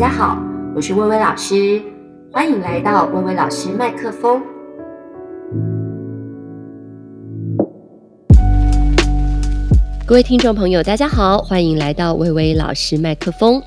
大家好，我是薇薇老師，歡迎來到薇薇老師麥克風。各位聽眾朋友，大家好，歡迎來到薇薇老師麥克風。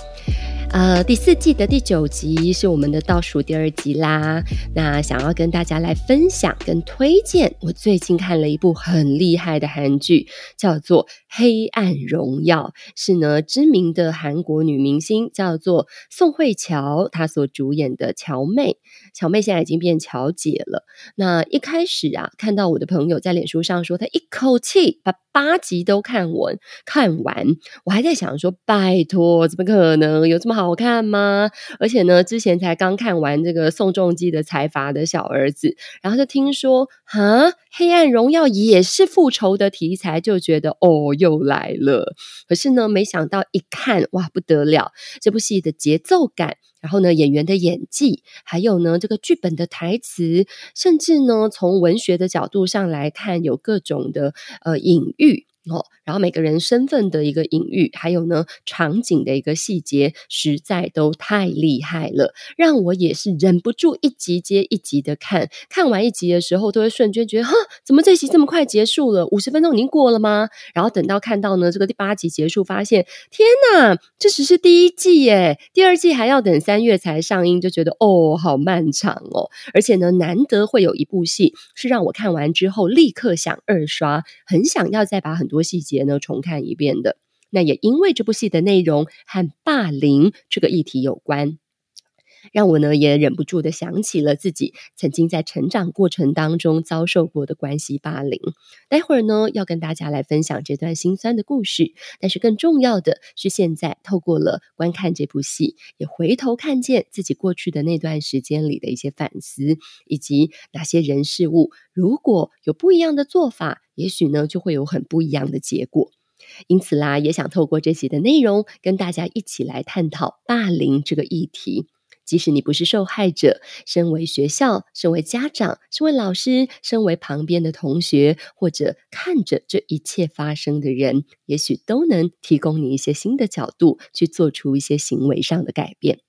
呃，第四季的第九集是我們的倒數第二集啦。那想要跟大家來分享跟推薦，我最近看了一部很厲害的韓劇，叫做《黑暗榮耀》是呢，知名的韓國女明星叫做宋慧喬，她所主演的喬妹，喬妹現在已經變喬姐了。那一開始啊，看到我的朋友在臉書上說，她一口氣把八集都看完。看完，我還在想說，拜託，怎麼可能有這麼好看嗎？而且呢，之前才剛看完這個宋仲基的財閥的小兒子，然後就聽說哈，《黑暗榮耀》也是復仇的題材，就覺得哦喲。又來了，可是呢，沒想到一看，哇，不得了！這部戲的節奏感，然後呢，演員的演技，還有呢，這個劇本的台詞，甚至呢，從文學的角度上來看，有各種的呃隱喻。哦，然後每個人身份的一個隱喻，還有呢，場景的一個細節，實在都太厲害了，讓我也是忍不住一集接一集的看。看完一集的時候，都會瞬間覺得，哈，怎麼這集這麼快結束了？五十分鐘已經過了嗎？然後等到看到呢，這個第八集結束，發現天哪，這只是第一季耶，第二季還要等三月才上映，就覺得哦，好漫長哦。而且呢，難得會有一部戲是讓我看完之後立刻想二刷，很想要再把很多。多細節呢，重看一遍的。那也因為這部戲的內容和霸凌這個議題有關，讓我呢也忍不住的想起了自己曾經在成長過程當中遭受過的關係霸凌。待會兒呢要跟大家來分享這段心酸的故事，但是更重要的是，現在透過了觀看這部戲，也回頭看見自己過去的那段時間裡的一些反思，以及哪些人事物如果有不一樣的做法，也許呢，就會有很不一樣的結果。因此啦，也想透過這集的內容，跟大家一起來探討霸凌這個議題。即使你不是受害者，身為學校、身為家長、身為老師、身為旁邊的同學，或者看着這一切發生的人，也許都能提供你一些新的角度，去做出一些行為上的改變。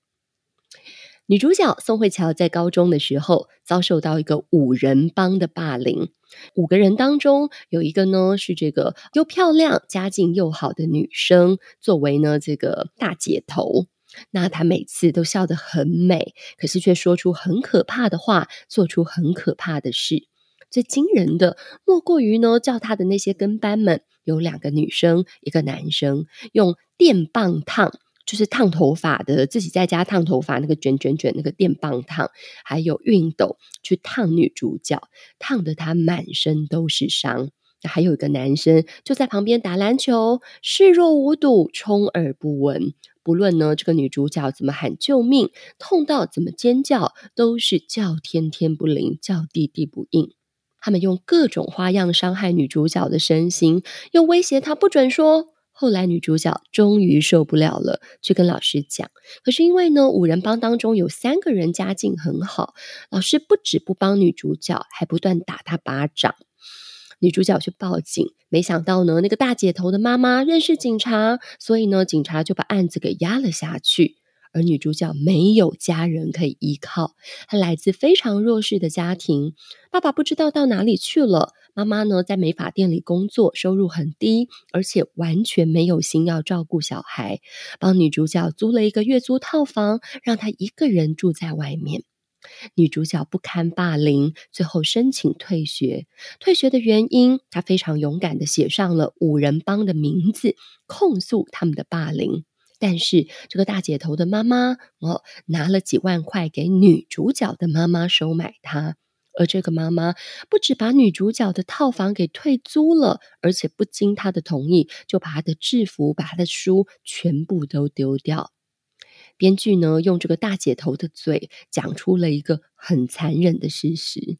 女主角宋慧喬在高中的時候，遭受到一個五人幫的霸凌。五個人當中，有一個呢是這個又漂亮、家境又好的女生，作為呢這個大姐頭。那她每次都笑得很美，可是卻說出很可怕的話，做出很可怕的事。最驚人的莫過於呢，叫她的那些跟班們，有兩個女生，一個男生用電棒燙。就是燙頭髮的，自己在家燙頭髮，那個捲捲捲，那個電棒燙，還有熨斗去燙女主角，燙得她滿身都是傷。還有一個男生就在旁邊打籃球，視若無睹，充耳不聞。不論呢，這個女主角怎麼喊救命，痛到怎麼尖叫，都是叫天天不靈，叫地地不應。他們用各種花樣傷害女主角的身心，又威脅她不准說。後來，女主角終於受不了了，去跟老師講。可是因為呢，五人幫當中有三個人家境很好，老師不止不幫女主角，還不斷打她巴掌。女主角去報警，沒想到呢，那個大姐頭的媽媽認識警察，所以呢，警察就把案子給壓了下去。而女主角沒有家人可以依靠，她來自非常弱勢的家庭，爸爸不知道到哪裡去了。媽媽呢，在美髮店裡工作，收入很低，而且完全沒有心要照顧小孩，幫女主角租了一個月租套房，讓她一個人住在外面。女主角不堪霸凌，最後申請退學。退學的原因，她非常勇敢的寫上了五人幫的名字，控訴他們的霸凌。但是這個大姐頭的媽媽哦，拿了幾萬塊給女主角的媽媽收買她。而這個媽媽不止把女主角的套房給退租了，而且不經她的同意，就把她的制服、把她的書全部都丟掉。編劇呢，用這個大姐頭的嘴講出了一個很殘忍的事實：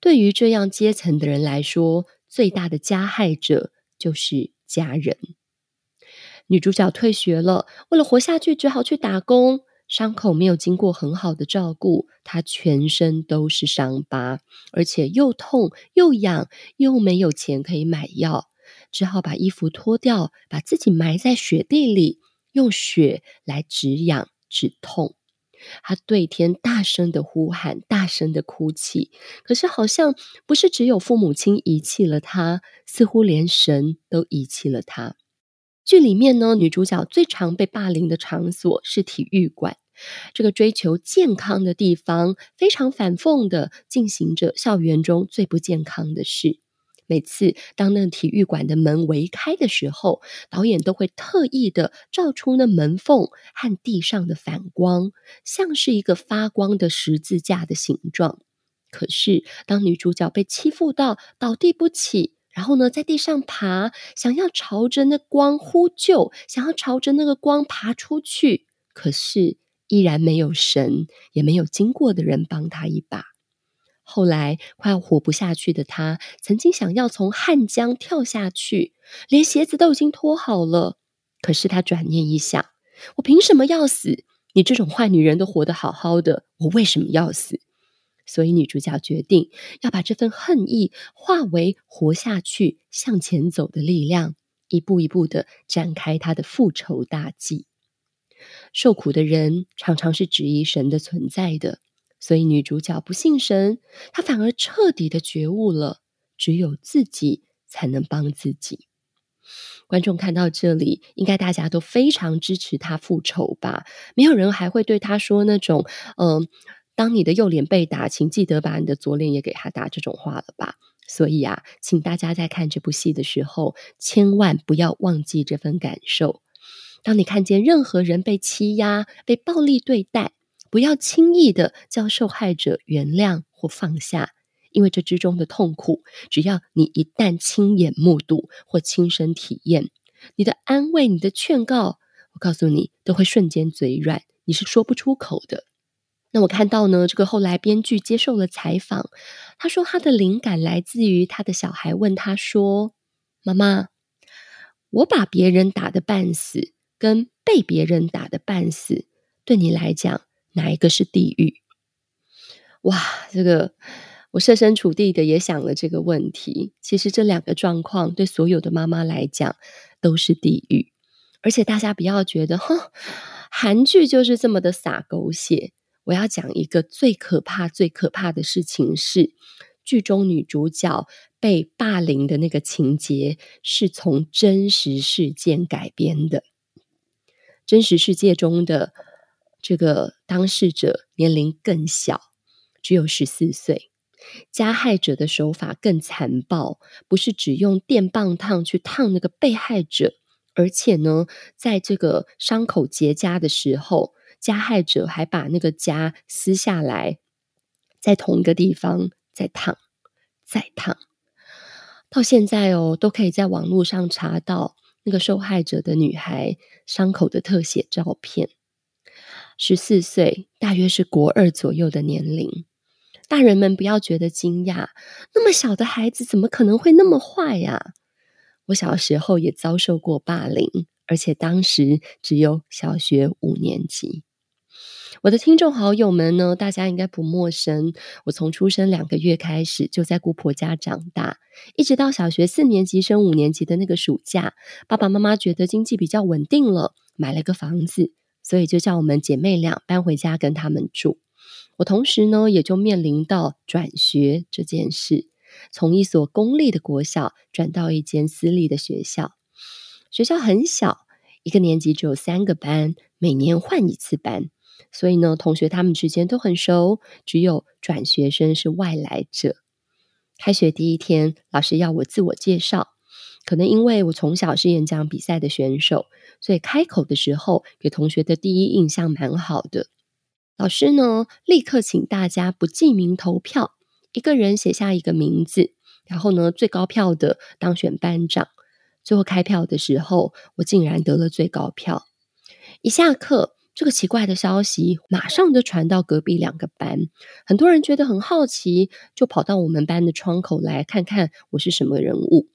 對於這樣階層的人來說，最大的加害者就是家人。女主角退學了，為了活下去，只好去打工。傷口沒有經過很好的照顧，他全身都是傷疤，而且又痛又癢，又沒有錢可以買藥，只好把衣服脫掉，把自己埋在雪地裡，用雪來止癢止痛。他對天大聲的呼喊，大聲的哭泣，可是好像不是只有父母親遺棄了他，似乎連神都遺棄了他。劇裡面呢，女主角最常被霸凌的場所是體育館，這個追求健康的地方，非常反諷的進行着校園中最不健康的事。每次當那體育館的門微開的時候，導演都會特意的照出那門縫和地上的反光，像是一個發光的十字架的形狀。可是當女主角被欺負到倒地不起，然後呢，在地上爬，想要朝着那光呼救，想要朝着那個光爬出去，可是依然沒有神，也沒有經過的人幫他一把。後來快要活不下去的他，曾經想要從漢江跳下去，連鞋子都已經脫好了。可是他轉念一想，我憑什麼要死？你這種壞女人都活得好好的，我為什麼要死？所以女主角決定要把這份恨意化為活下去、向前走的力量，一步一步地展開她的復仇大計。受苦的人常常是質疑神的存在的，所以女主角不信神，她反而徹底的覺悟了，只有自己才能幫自己。觀眾看到這裡，應該大家都非常支持她復仇吧？沒有人還會對她說那種，嗯、呃。當你的右臉被打，請記得把你的左臉也給他打這種話了吧。所以啊，請大家在看這部戲的時候，千萬不要忘記這份感受。當你看見任何人被欺壓、被暴力對待，不要輕易的叫受害者原諒或放下，因為這之中的痛苦，只要你一旦親眼目睹或親身體驗，你的安慰、你的勸告，我告訴你，都會瞬間嘴軟，你是說不出口的。那我看到呢，這個後來編劇接受了採訪，他說他的靈感來自於他的小孩問他說：“媽媽，我把別人打得半死，跟被別人打得半死，對你來講哪一個是地獄？”哇，這個我設身處地的也想了這個問題。其實這兩個狀況對所有的媽媽來講都是地獄，而且大家不要覺得哼，韓劇就是這麼的灑狗血。我要講一個最可怕、最可怕的事情，是劇中女主角被霸凌的那個情節是從真實事件改編的。真實世界中的這個當事者年齡更小，只有十四歲，加害者的手法更殘暴，不是只用電棒燙去燙那個被害者，而且呢，在這個傷口結痂的時候。加害者還把那個痂撕下來，在同一個地方再燙、再燙，到現在哦，都可以在網絡上查到那個受害者的女孩傷口的特寫照片。十四歲，大約是國二左右的年齡。大人們不要覺得驚訝，那麼小的孩子怎麼可能會那麼壞呀、啊？我小時候也遭受過霸凌，而且當時只有小學五年級。我的聽眾好友們呢，大家應該不陌生。我從出生兩個月開始就在姑婆家長大，一直到小學四年級升五年級的那個暑假，爸爸媽媽覺得經濟比較穩定了，買了個房子，所以就叫我們姐妹倆搬回家跟他們住。我同時呢，也就面臨到轉學這件事，從一所公立的國校轉到一間私立的學校。學校很小，一個年級只有三個班，每年換一次班。所以呢，同學他們之間都很熟，只有轉學生是外來者。開學第一天，老師要我自我介紹，可能因為我從小是演講比賽的選手，所以開口的時候給同學的第一印象蠻好的。老師呢，立刻請大家不記名投票，一個人寫下一個名字，然後呢，最高票的當選班長。最後開票的時候，我竟然得了最高票。一下課。這個奇怪的消息馬上就傳到隔壁兩個班，很多人覺得很好奇，就跑到我們班的窗口來看看我是什麼人物。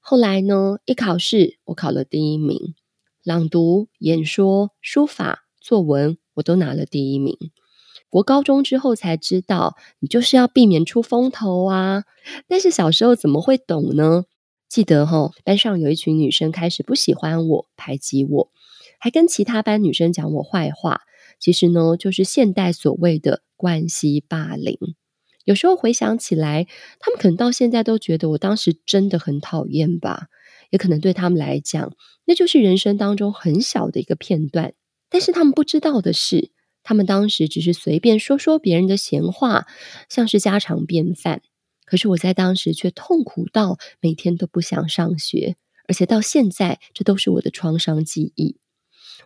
後來呢，一考試我考了第一名，朗讀、演說、書法、作文，我都拿了第一名。我高中之後才知道，你就是要避免出風頭啊。但是小時候怎麼會懂呢？記得哈、哦，班上有一群女生開始不喜歡我，排擠我。還跟其他班女生講我壞話，其實呢，就是現代所謂的關係霸凌。有時候回想起來，他們可能到現在都覺得我當時真的很討厭吧，也可能對他們來講，那就是人生當中很小的一個片段。但是他們不知道的是，他們當時只是隨便說說別人的閒話，像是家常便飯。可是我在當時卻痛苦到每天都不想上學，而且到現在，這都是我的創傷記憶。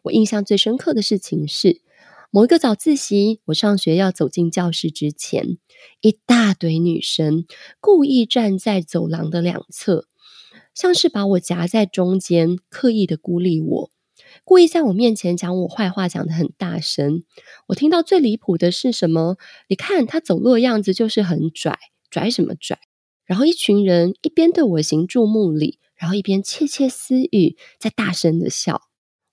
我印象最深刻的事情是，某一個早自習，我上學要走進教室之前，一大堆女生故意站在走廊的兩側，像是把我夾在中間，刻意的孤立我，故意在我面前講我壞話，講得很大聲。我聽到最離譜的是什麼？你看她走路的樣子就是很拽，拽什麼拽？然後一群人一邊對我行注目禮，然後一邊竊竊私語，在大聲的笑。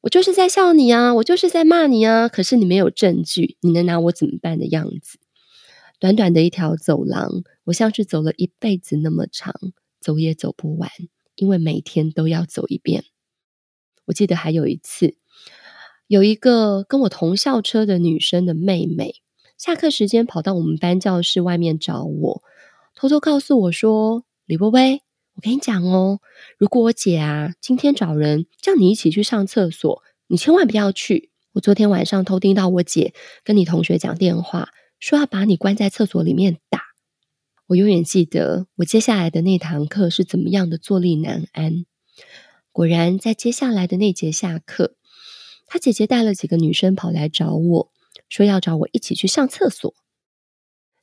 我就是在笑你啊，我就是在罵你啊，可是你沒有證據，你能拿我怎麼辦的樣子？短短的一條走廊，我像是走了一輩子那麼長，走也走不完，因為每天都要走一遍。我記得還有一次，有一個跟我同校車的女生的妹妹，下課時間跑到我們班教室外面找我，偷偷告訴我說：“李波威。”我跟你講哦，如果我姐啊今天找人叫你一起去上廁所，你千萬不要去。我昨天晚上偷聽到我姐跟你同學講電話，說要把你關在廁所裡面打。我永遠記得我接下來的那堂課是怎麼樣的坐立難安。果然，在接下來的那節下課，她姐姐帶了幾個女生跑來找我，說要找我一起去上廁所。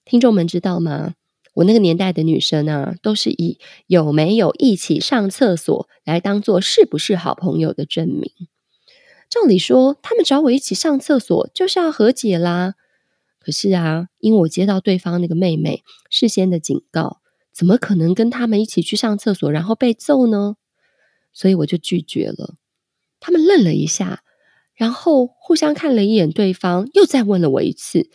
聽眾們知道嗎？我那個年代的女生啊，都是以有沒有一起上廁所來當做是不是好朋友的證明。照理說，他們找我一起上廁所就是要和解啦。可是啊，因為我接到對方那個妹妹事先的警告，怎麼可能跟他們一起去上廁所然後被揍呢？所以我就拒絕了。他們愣了一下，然後互相看了一眼對方，又再問了我一次，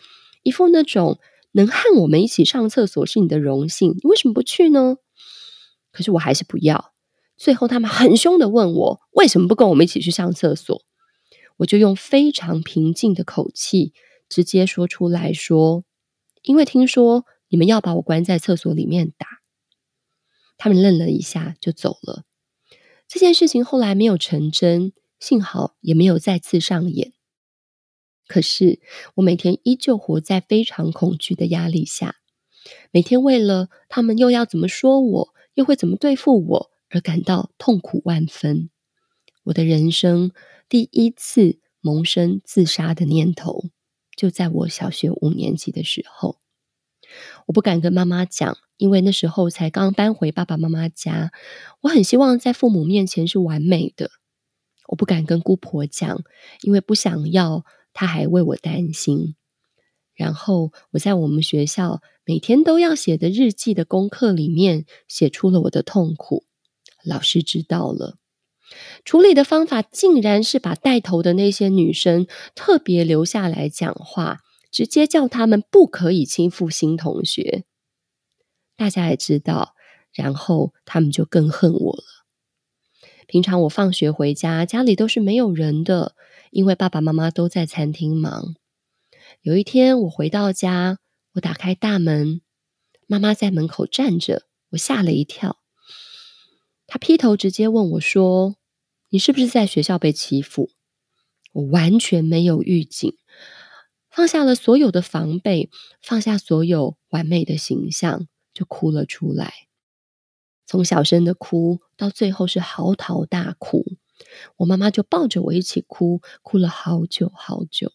一副那種。能和我們一起上廁所是你的榮幸，你為什麼不去呢？可是我還是不要。最後，他們很凶的問我為什麼不跟我們一起去上廁所，我就用非常平靜的口氣直接說出來說：“因為聽說你們要把我關在廁所裡面打。”他們愣了一下，就走了。這件事情後來沒有成真，幸好也沒有再次上演。可是，我每天依舊活在非常恐懼的壓力下，每天為了他們又要怎麼說我，我又會怎麼對付我，而感到痛苦萬分。我的人生第一次萌生自殺的念頭，就在我小學五年級的時候。我不敢跟媽媽講，因為那時候才剛搬回爸爸媽媽家。我很希望在父母面前是完美的，我不敢跟姑婆講，因為不想要。他還為我擔心，然後我在我們學校每天都要寫的日記的功課裡面寫出了我的痛苦。老師知道了，處理的方法竟然是把帶頭的那些女生特別留下來講話，直接叫他們不可以欺負新同學。大家也知道，然後他們就更恨我了。平常我放學回家，家裡都是沒有人的。因為爸爸媽媽都在餐廳忙。有一天我回到家，我打開大門，媽媽在門口站着，我嚇了一跳。她劈頭直接問我說：“你是不是在學校被欺負？”我完全沒有預警，放下了所有的防備，放下所有完美的形象，就哭了出來，從小聲的哭到最後是嚎啕大哭。我媽媽就抱着我一起哭，哭了好久好久。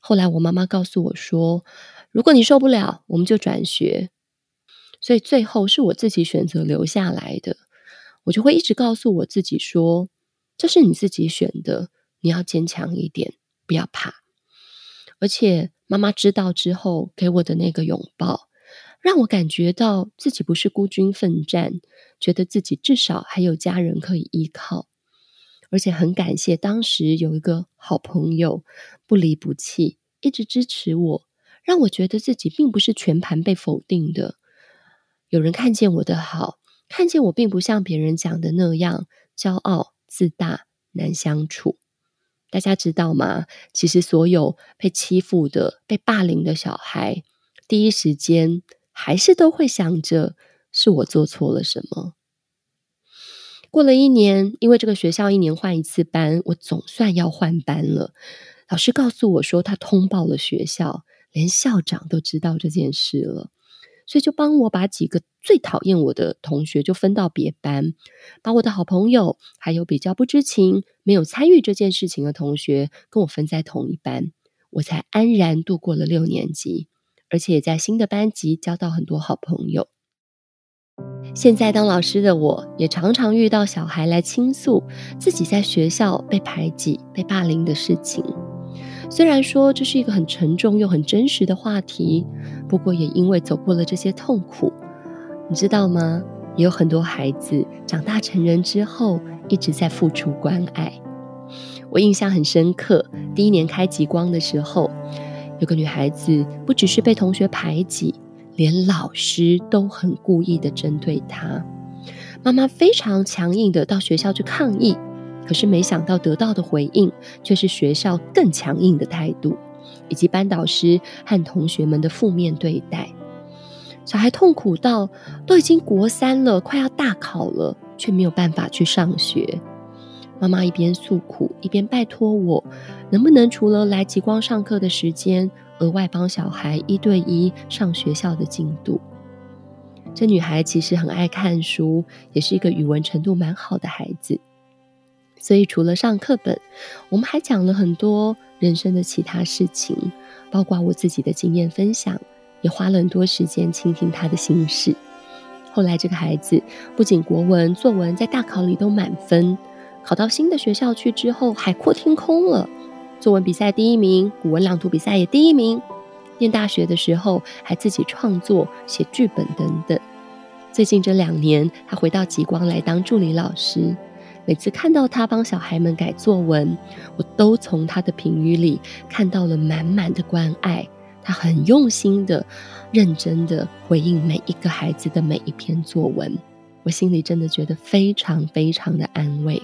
後來我媽媽告訴我說：“如果你受不了，我們就轉學。”所以最後是我自己選擇留下來的。我就會一直告訴我自己說：“這是你自己選的，你要堅強一點，不要怕。”而且媽媽知道之後給我的那個擁抱，讓我感覺到自己不是孤軍奮戰，覺得自己至少還有家人可以依靠。而且很感謝當時有一個好朋友，不離不棄，一直支持我，讓我覺得自己並不是全盤被否定的。有人看見我的好，看見我並不像別人講的那樣驕傲、自大、難相處。大家知道嗎？其實所有被欺負的、被霸凌的小孩，第一時間還是都會想着是我做錯了什麼。過了一年，因為這個學校一年換一次班，我總算要換班了。老師告訴我說，他通報了學校，連校長都知道這件事了，所以就幫我把幾個最討厭我的同學就分到別班，把我的好朋友還有比較不知情、沒有參與這件事情的同學跟我分在同一班，我才安然度過了六年級，而且也在新的班級交到很多好朋友。現在當老師的我，也常常遇到小孩來傾訴自己在學校被排擠、被霸凌的事情。雖然說，這是一個很沉重又很真實的話題，不過也因為走過了這些痛苦，你知道嗎？也有很多孩子長大成人之後一直在付出關愛。我印象很深刻，第一年開極光的時候，有個女孩子不只是被同學排擠，連老師都很故意的針對他，媽媽非常強硬的到學校去抗議，可是沒想到得到的回應卻是學校更強硬的態度，以及班導師和同學們的負面對待。小孩痛苦到都已經國三了，快要大考了，卻沒有辦法去上學。媽媽一邊訴苦，一邊拜託我，能不能除了來極光上課的時間，額外幫小孩一對一上學校的進度。這女孩其實很愛看書，也是一個語文程度蠻好的孩子。所以除了上課本，我們還講了很多人生的其他事情，包括我自己的經驗分享，也花了很多時間傾聽她的心事。後來這個孩子不僅國文作文在大考裡都滿分，考到新的學校去之後，海闊天空了。作文比賽第一名，古文朗讀比賽也第一名。念大學的時候，還自己創作、寫劇本等等。最近這兩年，他回到極光來當助理老師。每次看到他幫小孩們改作文，我都從他的評語裡看到了滿滿的關愛。他很用心的、認真的回應每一個孩子的每一篇作文，我心裡真的覺得非常非常的安慰。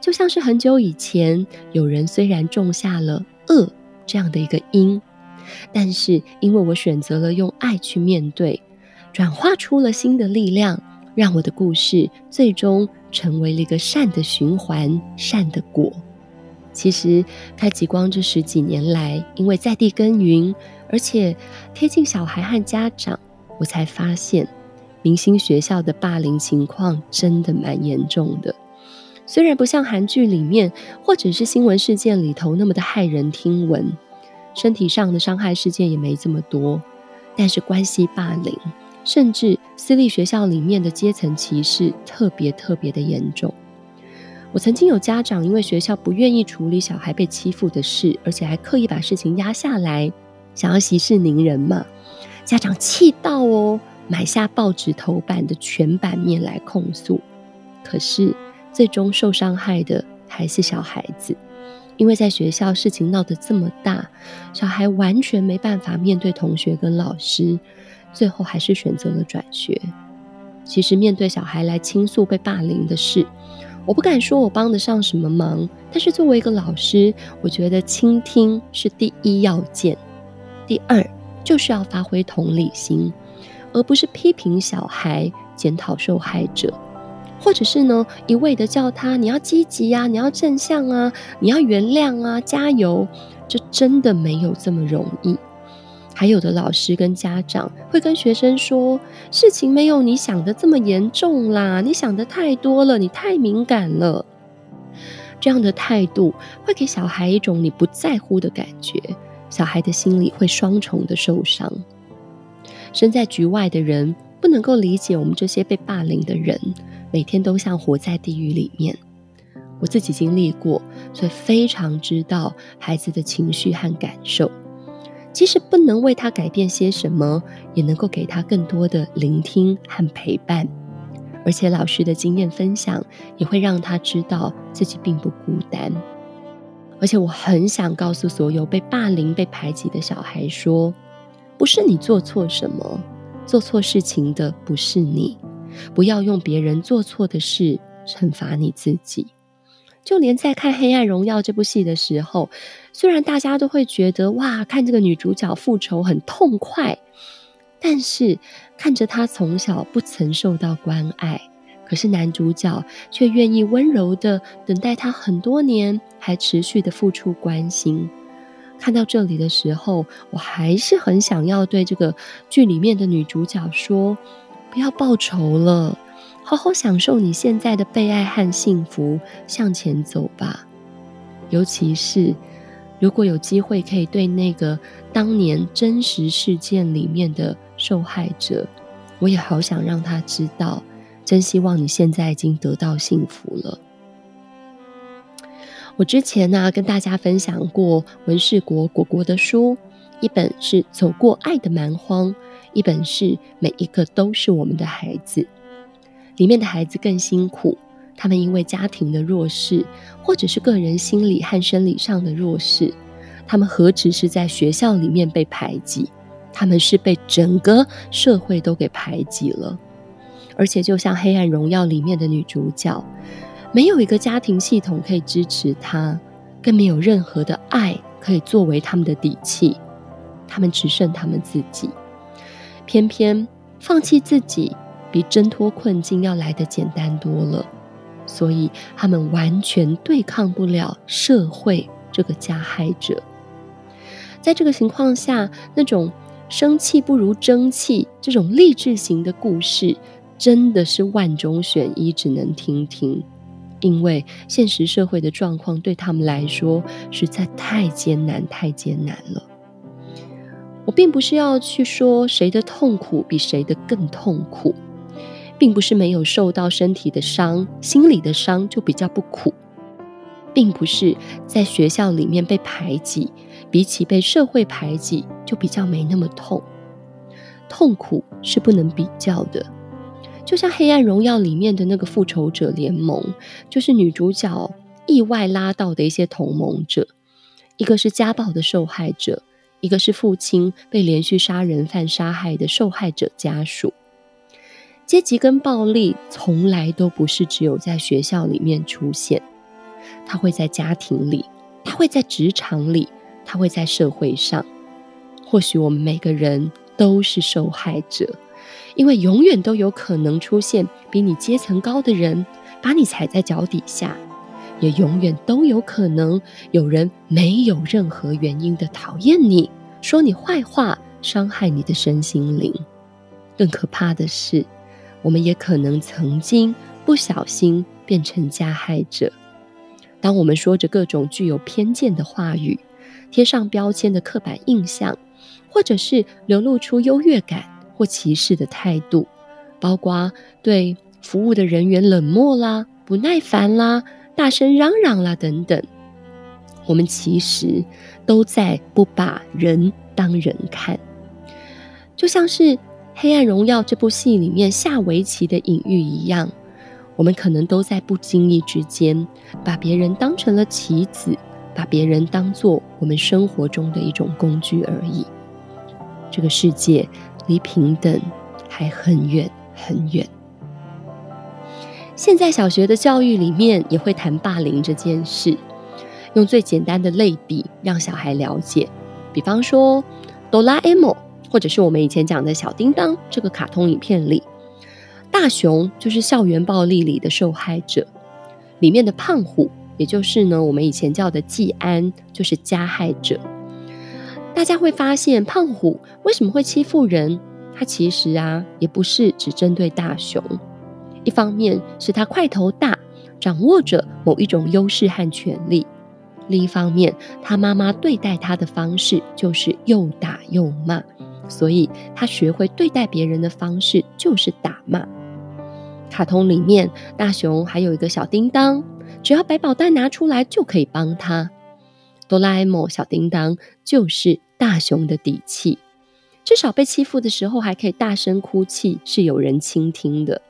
就像是很久以前，有人雖然種下了惡這樣的一個因，但是因為我選擇了用愛去面對，轉化出了新的力量，讓我的故事最終成為了一個善的循環、善的果。其實開極光這十幾年來，因為在地耕耘，而且貼近小孩和家長，我才發現明星學校的霸凌情況真的蠻嚴重的。雖然不像韓劇裡面或者是新聞事件裡頭那麼的駭人聽聞，身體上的傷害事件也沒這麼多，但是關係霸凌，甚至私立學校裡面的階層歧視特別特別的嚴重。我曾經有家長因為學校不願意處理小孩被欺負的事，而且還刻意把事情壓下來，想要息事寧人嘛，家長氣到哦，買下報紙頭版的全版面來控訴，可是，最終受傷害的還是小孩子，因為在學校事情鬧得這麼大，小孩完全沒辦法面對同學跟老師，最後還是選擇了轉學。其實面對小孩來傾訴被霸凌的事，我不敢說我幫得上什麼忙，但是作為一個老師，我覺得傾聽是第一要件，第二就是要發揮同理心，而不是批評小孩、檢討受害者。或者是呢，一味的叫他，你要積極啊，你要正向啊，你要原諒啊，加油！這真的沒有這麼容易。還有的老師跟家長會跟學生說，事情沒有你想的這麼嚴重啦，你想的太多了，你太敏感了。這樣的態度會給小孩一種你不在乎的感覺，小孩的心裡會雙重的受傷。身在局外的人不能夠理解我們這些被霸凌的人。每天都像活在地獄裡面，我自己經歷過，所以非常知道孩子的情緒和感受。即使不能為他改變些什麼，也能夠給他更多的聆聽和陪伴。而且老師的經驗分享也會讓他知道自己並不孤單。而且我很想告訴所有被霸凌、被排擠的小孩說，不是你做錯什麼，做錯事情的不是你。不要用別人做錯的事懲罰你自己。就連在看《黑暗榮耀》這部戲的時候，雖然大家都會覺得哇，看這個女主角復仇很痛快，但是看着她從小不曾受到關愛，可是男主角卻願意溫柔的等待她很多年，還持續的付出關心。看到這裡的時候，我還是很想要對這個劇裡面的女主角說。不要報仇了，好好享受你現在的被愛和幸福，向前走吧。尤其是，如果有機會可以對那個當年真實事件裡面的受害者，我也好想讓他知道。真希望你現在已經得到幸福了。我之前呢、啊，跟大家分享過文國士果果的書，一本是《走過愛的蠻荒》。一本是每一個都是我們的孩子，裡面的孩子更辛苦，他們因為家庭的弱勢，或者是個人心理和生理上的弱勢，他們何止是在學校裡面被排擠，他們是被整個社會都給排擠了。而且，就像《黑暗榮耀》裡面的女主角，沒有一個家庭系統可以支持她，更沒有任何的愛可以作為他們的底氣，他們只剩他們自己。偏偏放棄自己，比掙脫困境要來得簡單多了，所以他們完全對抗不了社會這個加害者。在這個情況下，那種生氣不如爭氣這種勵志型的故事，真的是萬中選一，只能聽聽，因為現實社會的狀況對他們來說實在太艱難，太艱難了。我並不是要去說誰的痛苦比誰的更痛苦，並不是沒有受到身體的傷、心理的傷就比較不苦，並不是在學校裡面被排擠，比起被社會排擠就比較沒那麼痛。痛苦是不能比較的，就像《黑暗榮耀》裡面的那個復仇者聯盟，就是女主角意外拉到的一些同盟者，一個是家暴的受害者。一個是父親被連續殺人犯殺害的受害者家屬。階級跟暴力從來都不是只有在學校裡面出現，他會在家庭裡，他會在職場裡，他會在社會上。或許我們每個人都是受害者，因為永遠都有可能出現比你階層高的人把你踩在腳底下，也永遠都有可能有人沒有任何原因的討厭你，說你壞話，傷害你的身心靈。更可怕的是，我們也可能曾經不小心變成加害者。當我們說着各種具有偏見的話語，貼上標籤的刻板印象，或者是流露出優越感或歧視的態度，包括對服務的人員冷漠啦、不耐煩啦、大聲嚷嚷啦等等。我們其實都在不把人當人看，就像是《黑暗榮耀》這部戲裡面下圍棋的隱喻一樣，我們可能都在不經意之間把別人當成了棋子，把別人當做我們生活中的一種工具而已。這個世界離平等還很遠很遠。現在小學的教育裡面也會談霸凌這件事。用最簡單的類比讓小孩了解，比方說《哆啦 A 夢》，或者是我們以前講的《小叮當》這個卡通影片裡，大雄就是校園暴力裡的受害者，裡面的胖虎，也就是呢我們以前叫的技安，就是加害者。大家會發現，胖虎為什麼會欺負人？他其實啊也不是只針對大雄，一方面是他塊頭大，掌握着某一種優勢和權力。另一方面，他媽媽對待他的方式就是又打又罵，所以他學會對待別人的方式就是打罵。卡通裡面大雄還有一個小叮噹，只要百寶袋拿出來就可以幫他。哆啦 A 夢小叮噹就是大雄的底氣，至少被欺負的時候還可以大聲哭泣，是有人傾聽的。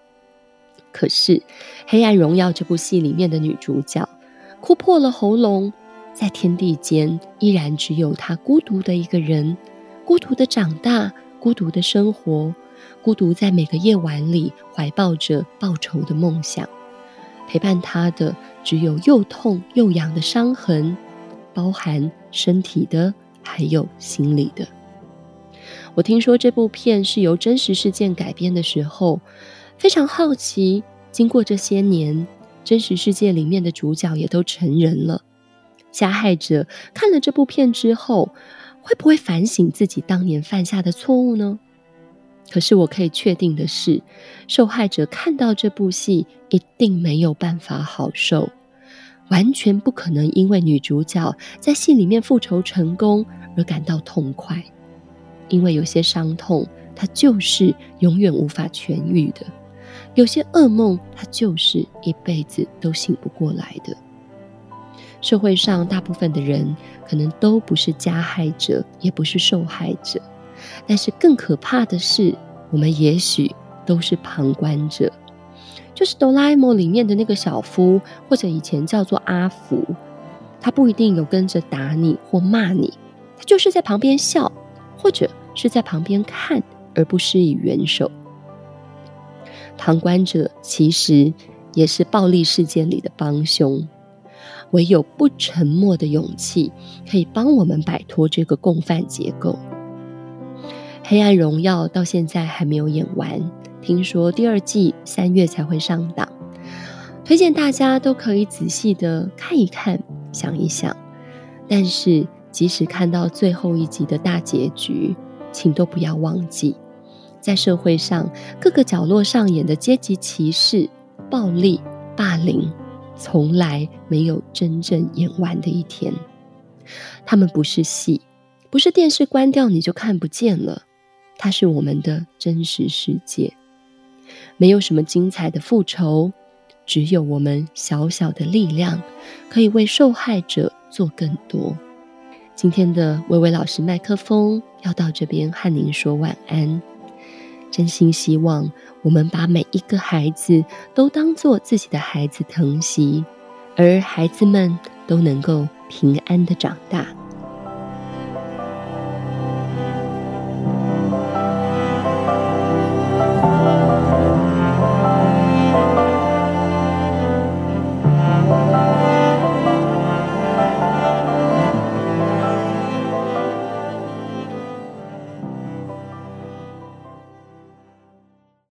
可是《黑暗榮耀》這部戲裡面的女主角，哭破了喉嚨。在天地間，依然只有他孤獨的一個人，孤獨的長大，孤獨的生活，孤獨在每個夜晚裡懷抱着報仇的夢想，陪伴他的只有又痛又癢的傷痕，包含身體的，還有心理的。我聽說這部片是由真實事件改編的時候，非常好奇，經過這些年，真實世界裡面的主角也都成人了。加害者看了這部片之後，會不會反省自己當年犯下的錯誤呢？可是我可以確定的是，受害者看到這部戲一定沒有辦法好受，完全不可能因為女主角在戲裡面復仇成功而感到痛快，因為有些傷痛，她就是永遠無法痊癒的；有些噩夢，她就是一輩子都醒不過來的。社會上大部分的人可能都不是加害者，也不是受害者，但是更可怕的是，我們也許都是旁觀者。就是哆啦 A 夢裡面的那個小夫，或者以前叫做阿福，他不一定有跟着打你或罵你，他就是在旁邊笑，或者是在旁邊看，而不施以援手。旁觀者其實也是暴力事件裡的幫兇。唯有不沉默的勇氣，可以幫我們擺脫這個共犯結構。《黑暗榮耀》到現在還沒有演完，聽說第二季三月才會上檔，推薦大家都可以仔細地看一看，想一想。但是即使看到最後一集的大結局，請都不要忘記，在社會上各個角落上演的階級歧視、暴力、霸凌，從來沒有真正演完的一天，他們不是戲，不是電視關掉你就看不見了，它是我們的真實世界。沒有什麼精彩的復仇，只有我們小小的力量，可以為受害者做更多。今天的微微老師麥克風要到這邊和您說晚安。真心希望我們把每一個孩子都當做自己的孩子疼惜，而孩子們都能夠平安地長大。